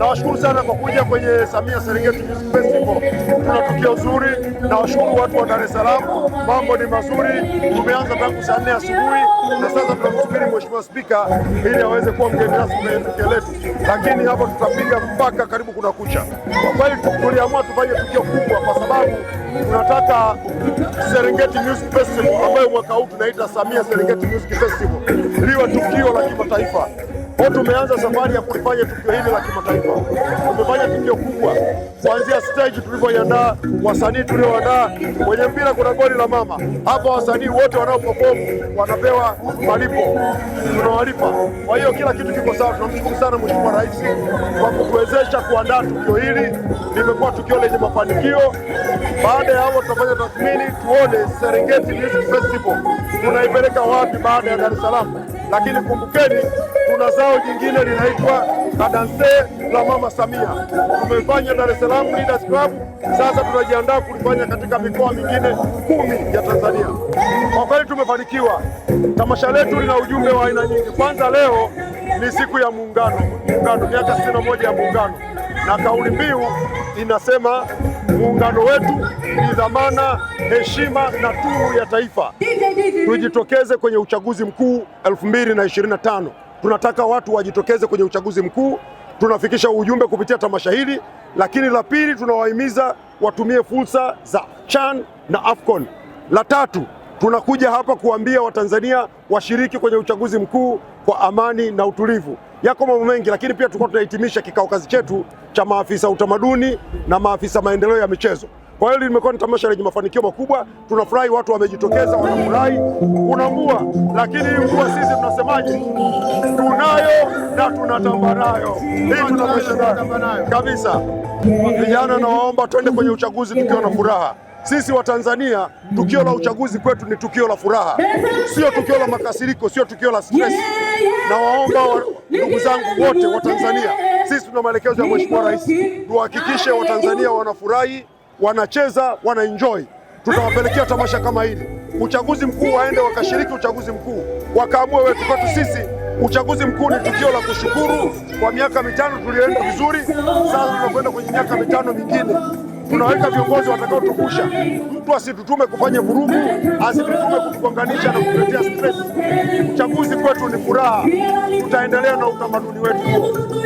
Nawashukuru sana kwa kuja kwenye Samia Serengeti Music Festival. Tuna tukio zuri, nawashukuru watu wa Dar es Salaam, mambo ni mazuri. Tumeanza tangu saa nne asubuhi na sasa tunamsubiri Mheshimiwa Spika ili aweze kuwa mgeni rasmi kwenye tukio letu, lakini hapo tutapiga mpaka karibu kuna kucha. Kwa kweli tuliamua tufanye tukio kubwa kwa sababu tunataka Serengeti Music Festival ambayo mwaka huu tunaita Samia Serengeti Music Festival liwe tukio la kimataifa. Kwa tumeanza safari ya kufanya tukio hili la kimataifa. Tumefanya tukio kubwa kuanzia stage tulivyoiandaa, wasanii tulioandaa, kwenye mpira kuna goli la mama hapa. Wasanii wote wanaoperform wanapewa malipo, tunawalipa. Kwa hiyo kila kitu kiko sawa. Tunamshukuru sana Mheshimiwa Rais kwa kutuwezesha kuandaa tukio hili, limekuwa tukio lenye mafanikio. Baada ya hapo, tutafanya tathmini tuone Serengeti Music Festival tunaipeleka wapi baada ya Dar es Salaam lakini kumbukeni, kuna zao jingine linaitwa kadanse la Mama Samia. Tumefanya Dar es Salaam Leaders Club, sasa tunajiandaa kulifanya katika mikoa mingine kumi ya Tanzania. Kwa kweli tumefanikiwa. Tamasha letu lina ujumbe wa aina nyingi. Kwanza, leo ni siku ya Muungano, Muungano miaka 61 ya Muungano, na kauli mbiu inasema Muungano wetu ni dhamana, heshima na tunu ya taifa. Tujitokeze kwenye uchaguzi mkuu 2025. Tunataka watu wajitokeze kwenye uchaguzi mkuu. Tunafikisha ujumbe kupitia tamasha hili, lakini la pili, tunawahimiza watumie fursa za CHAN na AFCON. La tatu, tunakuja hapa kuambia Watanzania washiriki kwenye uchaguzi mkuu kwa amani na utulivu. Yako mambo mengi, lakini pia tulikuwa tunahitimisha kikao kazi chetu cha maafisa utamaduni na maafisa maendeleo ya michezo. Kwa hiyo limekuwa ni tamasha lenye mafanikio makubwa, tunafurahi, watu wamejitokeza, wanafurahi. Kuna mvua, lakini hii mvua sisi tunasemaje? Tunayo na tunatamba nayo, hii tunatamba kabisa. Vijana, nawaomba twende kwenye uchaguzi tukiwa na furaha. Sisi Watanzania, tukio la uchaguzi kwetu ni tukio la furaha, sio tukio la makasiriko, sio tukio la stress. Na waomba ndugu zangu wote wa tanzania sisi tuna maelekezo ya Mheshimiwa Rais, tuhakikishe Watanzania wanafurahi, wanacheza, wanaenjoy. Tutawapelekea tamasha kama hili. Uchaguzi mkuu waende wakashiriki uchaguzi mkuu, wakaamue wetu kwetu sisi. Uchaguzi mkuu ni tukio la kushukuru kwa miaka mitano tulioenda vizuri, sasa tunakwenda kwenye miaka mitano mingine tunaweka viongozi watakaotukusha, mtu asitutume kufanya vurugu, asitutume kutukonganisha na kutuletea stress. Uchaguzi kwetu ni furaha, tutaendelea na utamaduni wetu huo.